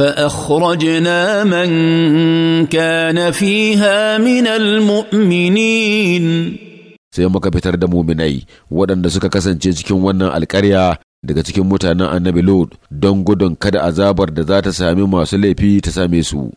فاخرجنا من كان فيها من المؤمنين sai muka fitar da muminai waɗanda suka kasance cikin wannan alkarya daga cikin mutanen annabi lod don gudun kada azabar da za ta sami masu laifi ta same su